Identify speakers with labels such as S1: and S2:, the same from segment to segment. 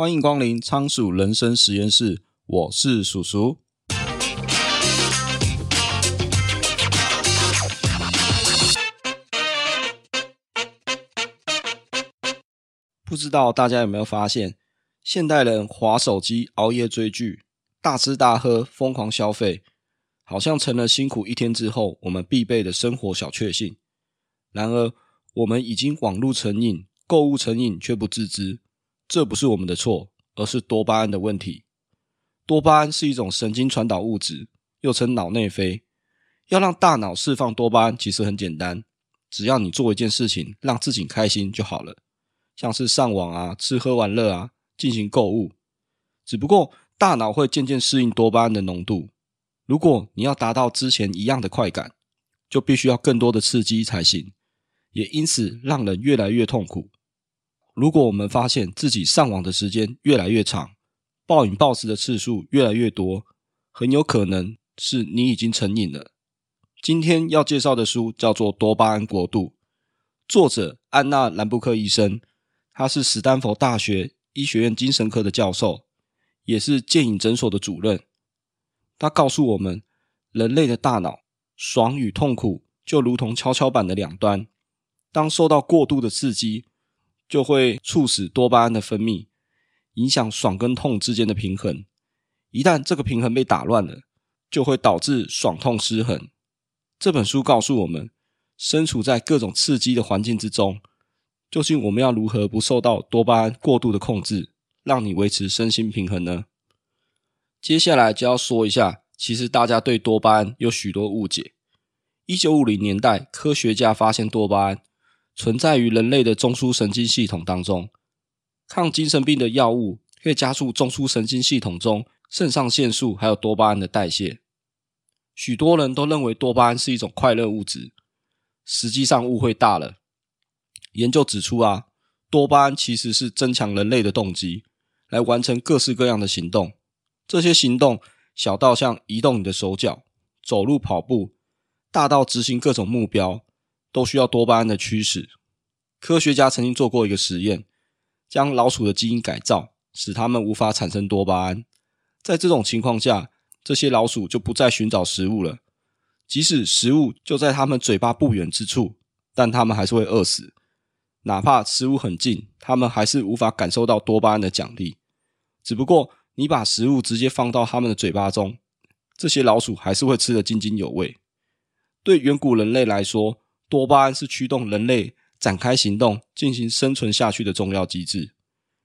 S1: 歡迎光臨倉鼠人生實驗室，我是鼠鼠。不知道大家有沒有發現，現代人滑手機、熬夜追劇、大吃大喝、瘋狂消費，好像成了辛苦一天之後我們必備的生活小確幸。然而，我們已經網路成癮、購物成癮，卻不自知。這不是我們的錯，而是多巴胺的問題。多巴胺是一種神經傳導物質，又稱腦內啡。要讓大腦釋放多巴胺，其實很簡單，只要你做一件事情讓自己開心就好了，像是上網啊、吃喝玩樂啊、進行購物。只不過，大腦會漸漸適應多巴胺的濃度。如果你要達到之前一樣的快感，就必須要更多的刺激才行，也因此讓人越來越痛苦。如果我們發現自己上網的時間越來越長，暴飲暴食的次數越來越多，很有可能是你已經成癮了。今天要介紹的書叫做《多巴胺國度》，作者安娜·蘭布克醫生，她是史丹福大學醫學院精神科的教授，也是戒癮診所的主任。他告訴我們，人類的大腦，爽與痛苦就如同蹺蹺板的兩端，當受到過度的刺激，就會促使多巴胺的分泌，影響爽跟痛之間的平衡。一旦這個平衡被打亂了，就會導致爽痛失衡。這本書告訴我們，身處在各種刺激的環境之中，究竟我們要如何不受到多巴胺過度的控制，讓你維持身心平衡呢？接下來就要說一下，其實大家對多巴胺有許多誤解。一九五零年代，科學家發現多巴胺，存在於人類的中樞神經系統當中，抗精神病的藥物可以加速中樞神經系統中腎上腺素還有多巴胺的代謝。許多人都認為多巴胺是一種快樂物質，實際上誤會大了。研究指出啊，多巴胺其實是增強人類的動機，來完成各式各樣的行動。這些行動，小到像移動你的手腳、走路、跑步，大到執行各種目標，都需要多巴胺的驅使。科學家曾經做過一個實驗，將老鼠的基因改造，使它們無法產生多巴胺。在這種情況下，這些老鼠就不再尋找食物了。即使食物就在它們嘴巴不遠之處，但它們還是會餓死。哪怕食物很近，它們還是無法感受到多巴胺的獎勵。只不過，你把食物直接放到它們的嘴巴中，這些老鼠還是會吃得津津有味。對遠古人類來說，多巴胺是驅動人類。展開行動進行生存下去的重要機制，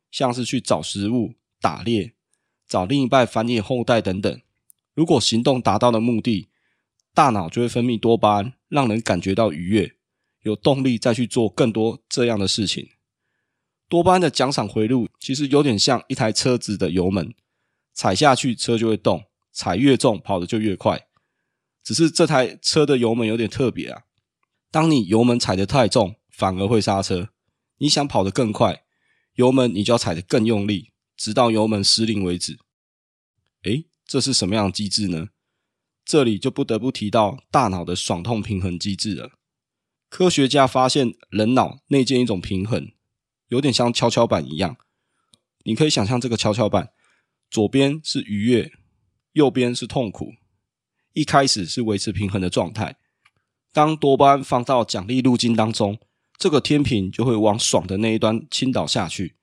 S1: 像是去找食物、打獵、找另一半繁衍後代等等。如果行動達到了目的，大腦就會分泌多巴胺，讓人感覺到愉悅，有動力再去做更多這樣的事情。多巴胺的獎賞回路其實有點像一台車子的油門，踩下去車就會動，踩越重跑得就越快。只是這台車的油門有點特別啊，當你油門踩得太重。反而會剎車。你想跑得更快，油門你就要踩得更用力，直到油門失靈為止。誒，這是什麼樣的機制呢？這裡就不得不提到大腦的爽痛平衡機制了。科學家發現，人腦內建一種平衡，有點像蹺蹺板一樣。你可以想象這個蹺蹺板，左邊是愉悅，右邊是痛苦，一開始是維持平衡的狀態，當多巴胺放到獎勵路徑當中。這個天平就會往爽的那一端傾倒下去，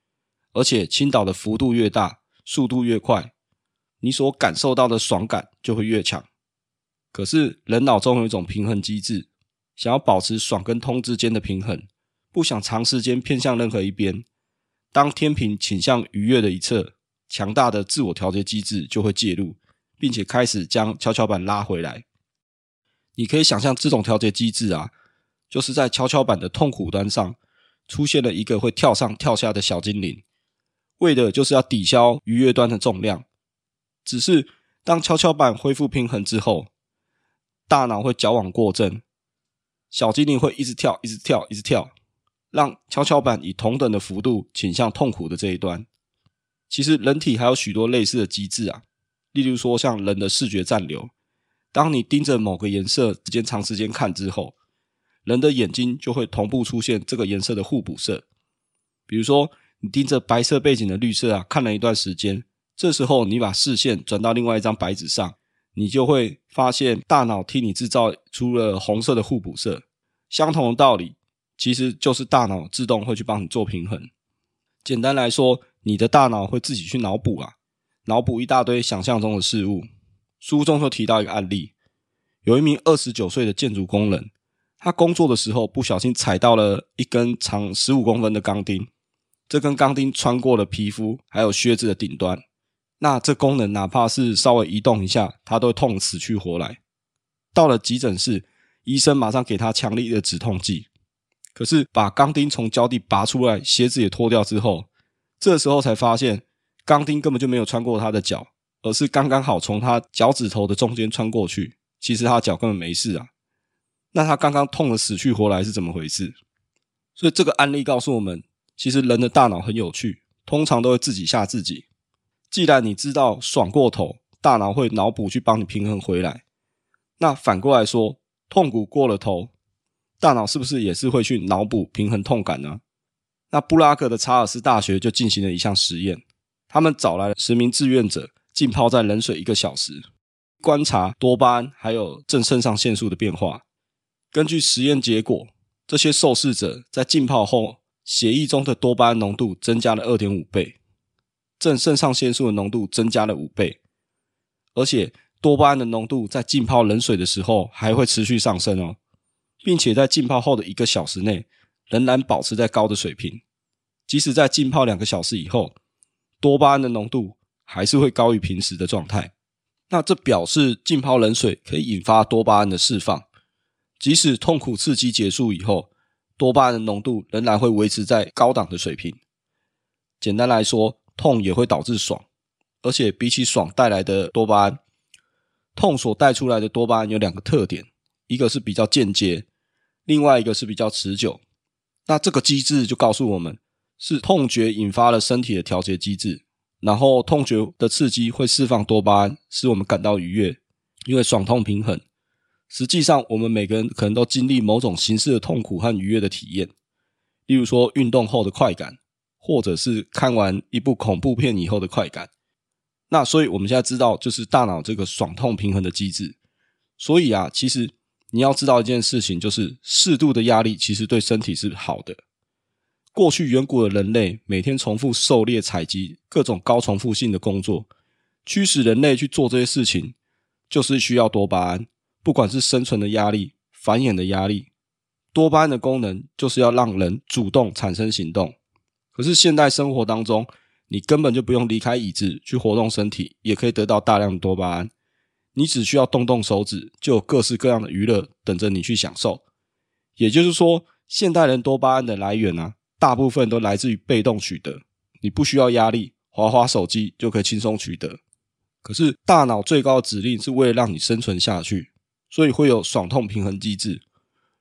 S1: 而且傾倒的幅度越大，速度越快，你所感受到的爽感就會越強。可是人腦中有一種平衡機制，想要保持爽跟痛之間的平衡，不想長時間偏向任何一邊。當天平傾向愉悅的一側，強大的自我調節機制就會介入，並且開始將蹺蹺板拉回來。你可以想象這種調節機制啊。就是在蹺蹺板的痛苦端上出現了一個會跳上跳下的小精靈，為的就是要抵消愉悅端的重量。只是當蹺蹺板恢復平衡之後，大腦會矯枉過正，小精靈會一直跳，一直跳，一直跳，讓蹺蹺板以同等的幅度傾向痛苦的這一端。其實人體還有許多類似的機制啊，例如說像人的視覺暫留，當你盯着某個顏色時間長時間看之後，人的眼睛就會同步出現這個顏色的互補色，比如說你盯着白色背景的綠色啊，看了一段時間，這時候你把視線轉到另外一張白紙上，你就會發現大腦替你制造出了紅色的互補色。相同的道理，其實就是大腦自動會去幫你做平衡。簡單來說，你的大腦會自己去腦補啊，腦補一大堆想象中的事物。書中就提到一個案例，有一名二十九歲的建築工人，他工作的時候不小心踩到了一根長十五公分的鋼釘，這根鋼釘穿過了皮膚，還有靴子的頂端。那這功能哪怕是稍微移動一下，他都會痛死去活來。到了急診室，醫生馬上給他強力的止痛劑。可是把鋼釘從腳底拔出來，鞋子也脫掉之後，這時候才發現鋼釘根本就沒有穿過他的腳，而是剛剛好從他腳趾頭的中間穿過去。其實他腳根本沒事啊。那他剛剛痛得死去活來是怎麼回事？所以這個案例告訴我們，其實人的大腦很有趣，通常都會自己嚇自己。既然你知道爽過頭，大腦會腦補去幫你平衡回來。那反過來說，痛苦過了頭，大腦是不是也是會去腦補平衡痛感呢？那布拉格的查爾斯大學就進行了一項實驗，他們找來了十名志願者，浸泡在冷水一個小時，觀察多巴胺還有正腎上腺素的變化。根據實驗結果，這些受試者在浸泡後，血液中的多巴胺濃度增加了二點五倍，正腎上腺素的濃度增加了五倍，而且多巴胺的濃度在浸泡冷水的時候還會持續上升哦，並且在浸泡後的一個小時內仍然保持在高的水平，即使在浸泡兩個小時以後，多巴胺的濃度還是會高於平時的狀態。那這表示浸泡冷水可以引發多巴胺的釋放。即使痛苦刺激結束以後，多巴胺的濃度仍然會維持在高檔的水平。簡單來說，痛也會導致爽，而且比起爽帶來的多巴胺，痛所帶出來的多巴胺有兩個特點：一個是比較間接，另外一個是比較持久。那這個機制就告訴我們，是痛覺引發了身體的調節機制，然後痛覺的刺激會釋放多巴胺，使我們感到愉悅，因為爽痛平衡。實際上，我們每個人可能都經歷某種形式的痛苦和愉悅的體驗，例如說運動後的快感，或者是看完一部恐怖片以後的快感。那所以，我們現在知道，就是大腦這個爽痛平衡的機制。所以啊，其實你要知道一件事情，就是適度的壓力其實對身體是好的。過去遠古的人類每天重複狩獵、採集各種高重複性的工作，驅使人類去做這些事情，就是需要多巴胺。不管是生存的壓力、繁衍的壓力，多巴胺的功能就是要讓人主動產生行動。可是現代生活當中，你根本就不用離開椅子去活動身體，也可以得到大量的多巴胺。你只需要動動手指，就有各式各樣的娛樂等着你去享受。也就是說，現代人多巴胺的來源呢、啊，大部分都來自於被動取得，你不需要壓力，滑滑手機就可以輕鬆取得。可是大腦最高的指令是為了讓你生存下去。所以會有爽痛平衡機製，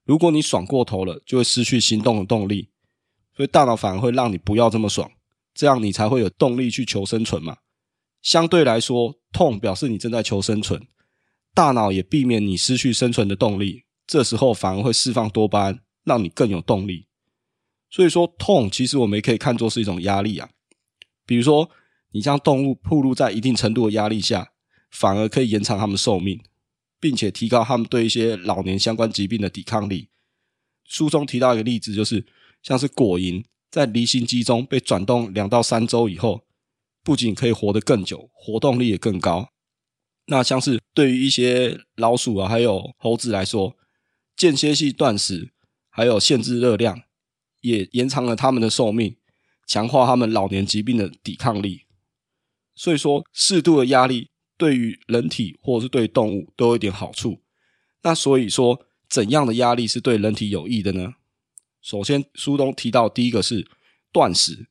S1: 如果你爽過頭了，就會失去行動的動力，所以大腦反而會讓你不要這麼爽，這樣你才會有動力去求生存嘛。相對來說，痛表示你正在求生存，大腦也避免你失去生存的動力，這時候反而會釋放多巴胺，讓你更有動力。所以說，痛其實我們也可以看作是一種壓力啊。比如說，你將動物曝露在一定程度的壓力下，反而可以延長它們壽命。並且提高他們對一些老年相關疾病的抵抗力。書中提到一個例子，就是像是果蠅在離心機中被轉動兩到三周以後，不僅可以活得更久，活動力也更高。那像是對於一些老鼠啊，還有猴子來說，間歇性斷食還有限制熱量，也延長了他們的壽命，強化他們老年疾病的抵抗力。所以說，適度的壓力。對於人體，或者是對於動物都有一點好處。那所以說，怎樣的壓力是對人體有益的呢？首先，書中提到第一個是斷食，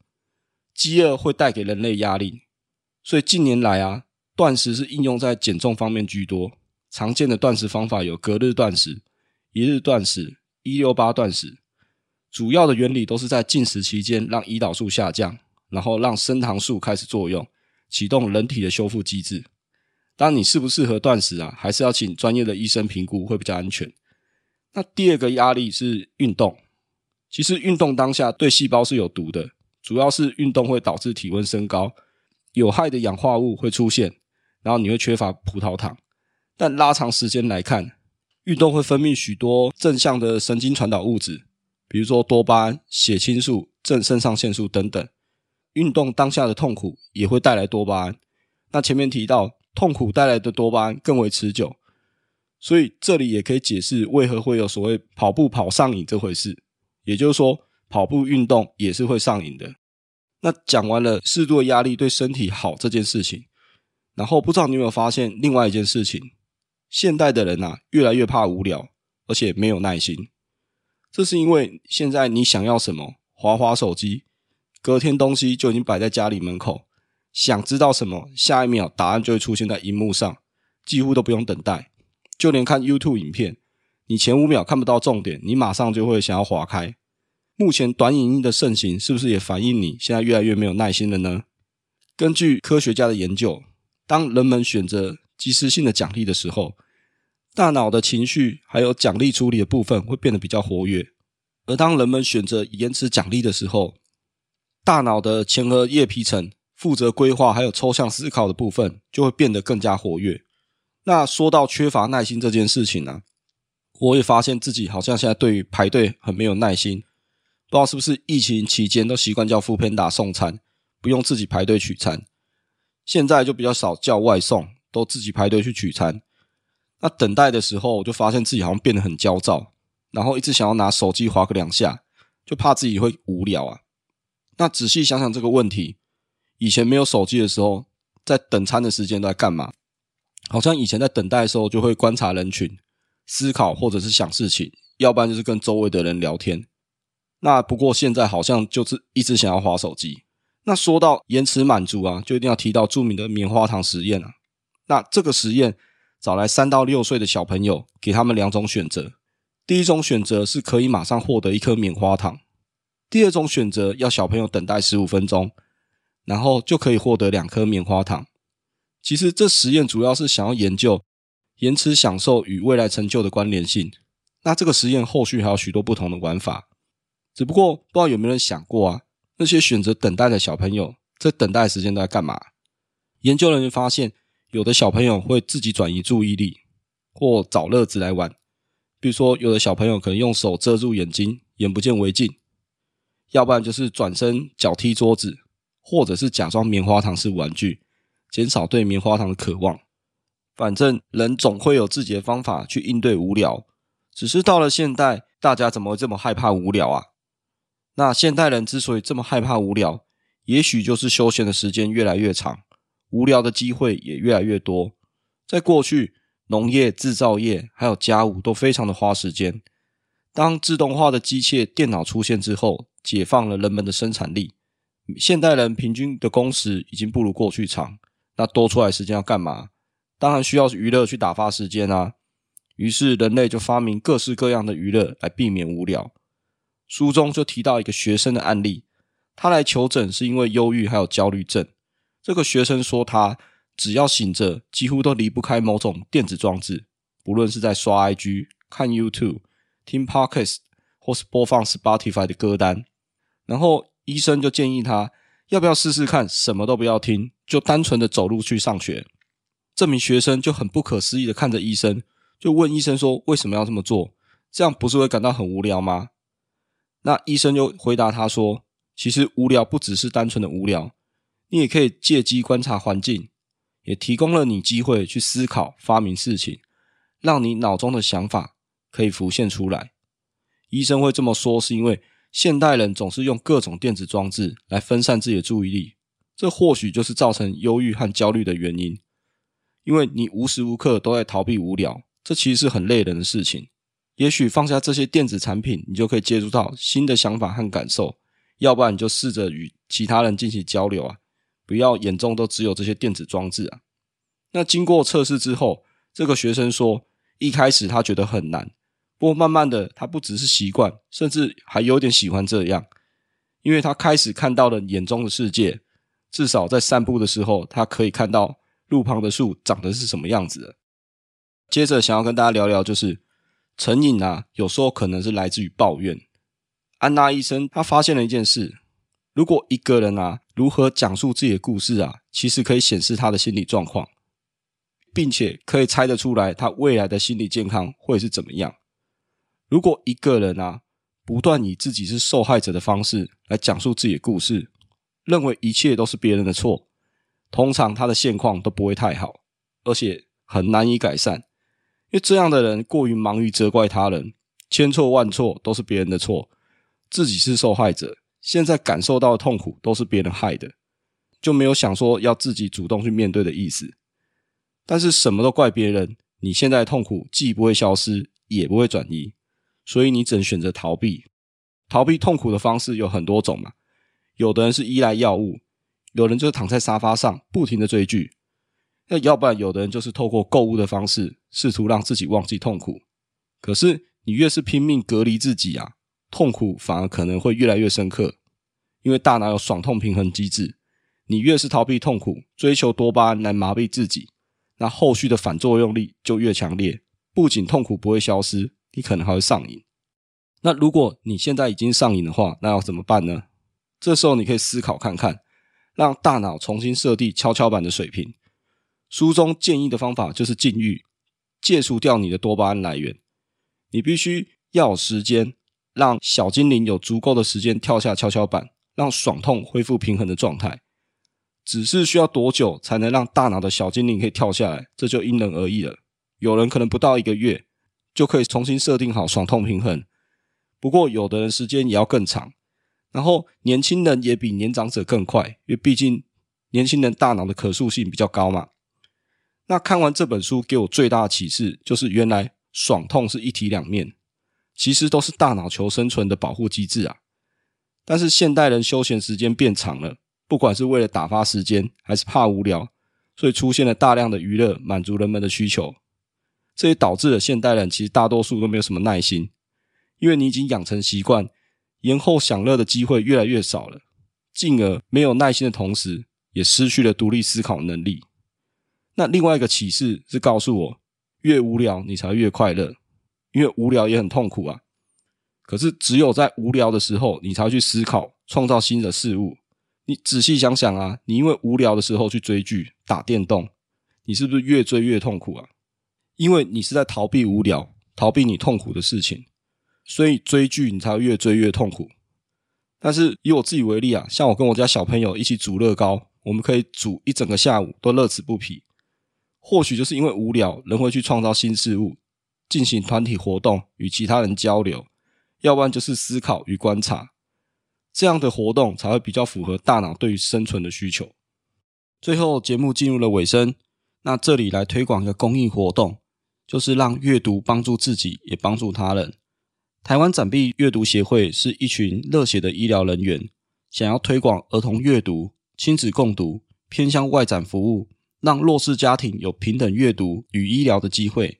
S1: 飢餓會帶給人類壓力，所以近年來啊，斷食是應用在減重方面居多。常見的斷食方法有隔日斷食、一日斷食、一六八斷食，主要的原理都是在進食期間讓胰島素下降，然後讓升糖素開始作用，啟動人體的修復機制。那你適不適合斷食啊？還是要請專業的醫生評估會比較安全。那第二個壓力是運動，其實運動當下對細胞是有毒的，主要是運動會導致體溫升高，有害的氧化物會出現，然後你會缺乏葡萄糖。但拉長時間來看，運動會分泌許多正向的神經傳導物質，比如說多巴胺、血清素、正腎上腺素等等。運動當下的痛苦也會帶來多巴胺。那前面提到，痛苦帶來的多巴胺更為持久，所以這裡也可以解釋為何會有所謂跑步跑上癮這回事，也就是說，跑步運動也是會上癮的。那講完了適度的壓力對身體好這件事情，然後不知道你有沒有發現另外一件事情：現代的人吶，啊，越來越怕無聊，而且沒有耐心，這是因為現在你想要什麼，滑滑手機，隔天東西就已經擺在家裡門口。想知道什麼？下一秒答案就會出現在熒幕上，幾乎都不用等待。就連看 YouTube 影片，你前五秒看不到重點，你馬上就會想要滑開。目前短影音的盛行，是不是也反映你現在越來越沒有耐心了呢？根據科學家的研究，當人們選擇即時性的獎勵的時候，大腦的情緒還有獎勵處理的部分會變得比較活躍；而當人們選擇延遲獎勵的時候，大腦的前額葉皮層。負責規劃還有抽象思考的部分就會變得更加活躍。那說到缺乏耐心這件事情呢、啊，我也發現自己好像現在對於排隊很沒有耐心。不知道是不是疫情期間都習慣叫 foodpanda 送餐，不用自己排隊取餐，現在就比較少叫外送，都自己排隊去取餐。那等待的時候，我就發現自己好像變得很焦躁，然後一直想要拿手機滑個兩下，就怕自己會無聊啊。那仔細想想這個問題。以前沒有手機的時候，在等餐的時間都在幹嘛？好像以前在等待的時候，就會觀察人群、思考，或者是想事情，要不然就是跟周圍的人聊天。那不過現在好像就是一直想要滑手機。那說到延遲滿足啊，就一定要提到著名的棉花糖實驗啊。那這個實驗找來三到六歲的小朋友，給他們兩種選擇：第一種選擇是可以馬上獲得一顆棉花糖；第二種選擇要小朋友等待十五分鐘。然後就可以獲得兩顆棉花糖。其實這實驗主要是想要研究延遲享受與未來成就的關聯性。那這個實驗後續還有許多不同的玩法，只不過不知道有沒有人想過啊？那些選擇等待的小朋友在等待的時間都在幹嘛？研究人員發現，有的小朋友會自己轉移注意力或找樂子來玩，比如說有的小朋友可能用手遮住眼睛，眼不見為淨；要不然就是轉身腳踢桌子。或者是假裝棉花糖是玩具，減少對棉花糖的渴望。反正人總會有自己的方法去應對無聊。只是到了現代，大家怎麼會這麼害怕無聊啊？那現代人之所以這麼害怕無聊，也許就是休閒的時間越來越長，無聊的機會也越來越多。在過去，農業、制造業還有家務都非常的花時間。當自動化的機械、電腦出現之後，解放了人們的生產力。現代人平均的工時已經不如過去長，那多出來時間要幹嘛？當然需要娛樂去打發時間啊。於是人類就發明各式各樣的娛樂來避免無聊。書中就提到一個學生的案例，他來求診是因為憂鬱還有焦慮症。這個學生說，他只要醒着，幾乎都離不開某種電子裝置，不論是在刷 IG、看 YouTube、聽 Podcast，或是播放 Spotify 的歌單，然後，醫生就建議他要不要試試看，什麼都不要聽，就單純的走路去上學。這名學生就很不可思議的看着醫生，就問醫生說：“為什麼要這麼做？這樣不是會感到很無聊嗎？”那醫生就回答他說：“其實無聊不只是單純的無聊，你也可以借機觀察環境，也提供了你機會去思考、發明事情，讓你腦中的想法可以浮現出來。”醫生會這麼說是因為……現代人總是用各種電子裝置來分散自己的注意力，這或許就是造成憂鬱和焦慮的原因。因為你無時無刻都在逃避無聊，這其實是很累人的事情。也許放下這些電子產品，你就可以接觸到新的想法和感受。要不然，你就試着與其他人進行交流啊，不要眼中都只有這些電子裝置啊。那經過測試之後，這個學生說，一開始他覺得很難。不過慢慢的，他不只是習慣，甚至還有點喜歡這樣，因為他開始看到了眼中的世界。至少在散步的時候，他可以看到路旁的樹長得是什麼樣子的。接着，想要跟大家聊聊，就是成癮啊，有時候可能是來自於抱怨。安娜醫生她發現了一件事：如果一個人啊，如何講述自己的故事啊，其實可以顯示他的心理狀況，並且可以猜得出來他未來的心理健康會是怎麼樣。如果一個人啊，不斷以自己是受害者的方式來講述自己的故事，認為一切都是別人的錯，通常他的現況都不會太好，而且很難以改善。因為這樣的人過於忙於責怪他人，千錯萬錯都是別人的錯，自己是受害者，現在感受到的痛苦都是別人害的，就沒有想說要自己主動去面對的意思。但是什麼都怪別人，你現在的痛苦既不會消失，也不會轉移。所以你只能選擇逃避，逃避痛苦的方式有很多種嘛。有的人是依賴藥物，有人就是躺在沙發上不停的追劇，那要不然有的人就是透過購物的方式，試圖讓自己忘記痛苦。可是你越是拼命隔離自己啊，痛苦反而可能會越來越深刻。因為大腦有爽痛平衡機制，你越是逃避痛苦，追求多巴胺來麻痹自己，那後續的反作用力就越強烈，不僅痛苦不會消失。你可能還會上癮。那如果你現在已經上癮的話，那要怎麼辦呢？這時候你可以思考看看，讓大腦重新設定蹺蹺板的水平。書中建議的方法就是禁慾，戒除掉你的多巴胺來源。你必須要有時間，讓小精靈有足夠的時間跳下蹺蹺板，讓爽痛恢復平衡的狀態。只是需要多久才能讓大腦的小精靈可以跳下來，這就因人而異了。有人可能不到一個月，就可以重新設定好爽痛平衡，不過有的人時間也要更長，然後年輕人也比年長者更快，因為畢竟年輕人大腦的可塑性比較高嘛。那看完這本書給我最大的啟示就是，原來爽痛是一體兩面，其實都是大腦求生存的保護機制啊。但是現代人休閒時間變長了，不管是為了打發時間，還是怕無聊，所以出現了大量的娛樂，滿足人們的需求。這也導致了現代人其實大多數都沒有什麼耐心，因為你已經養成習慣，延後享樂的機會越來越少了，進而沒有耐心的同時，也失去了獨立思考能力。那另外一個啟示是告訴我，越無聊你才會越快樂，因為無聊也很痛苦啊。可是只有在無聊的時候，你才會去思考創造新的事物。你仔細想想啊，你因為無聊的時候去追劇、打電動，你是不是越追越痛苦啊？因為你是在逃避無聊、逃避你痛苦的事情，所以追劇你才會越追越痛苦。但是以我自己為例啊，像我跟我家小朋友一起組樂高，我們可以組一整個下午都樂此不疲。或許就是因為無聊，人會去創造新事物，進行團體活動與其他人交流，要不然就是思考與觀察。這樣的活動才會比較符合大腦對於生存的需求。最後節目進入了尾聲，那這裡來推廣一個公益活動。就是讓閱讀幫助自己，也幫助他人。台灣展臂閱讀協會是一群熱血的醫療人員，想要推廣兒童閱讀、親子共讀、偏鄉外展服務，讓弱勢家庭有平等閱讀與醫療的機會。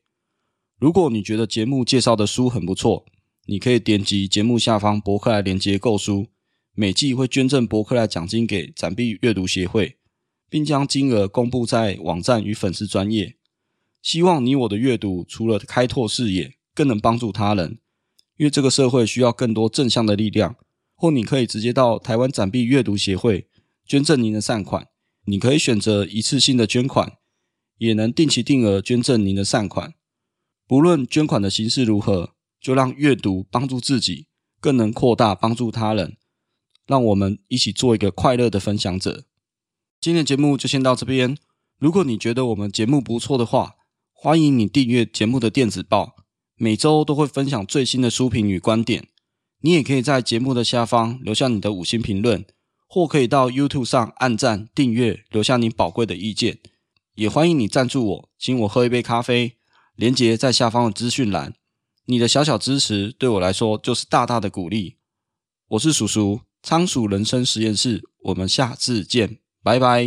S1: 如果你覺得節目介紹的書很不錯，你可以點擊節目下方博客來連結購書。每季會捐贈博客來獎金給展臂閱讀協會，並將金額公布在網站與粉絲專頁。希望你我的閱讀除了開拓視野，更能幫助他人，因為這個社會需要更多正向的力量。或你可以直接到台灣展臂閱讀協會捐贈您的善款，你可以選擇一次性的捐款，也能定期定額捐贈您的善款。不論捐款的形式如何，就讓閱讀幫助自己，更能擴大幫助他人。讓我們一起做一個快樂的分享者。今天的節目就先到這邊。如果你覺得我們節目不錯的話，歡迎你訂閱節目的電子報，每周都會分享最新的書評與觀點。你也可以在節目的下方留下你的五星評論，或可以到 YouTube 上按讚、訂閱，留下你寶貴的意見。也歡迎你贊助我，請我喝一杯咖啡，連結在下方的資訊欄。你的小小支持對我來說就是大大的鼓勵。我是叔叔，倉鼠人生實驗室，我們下次見，拜拜。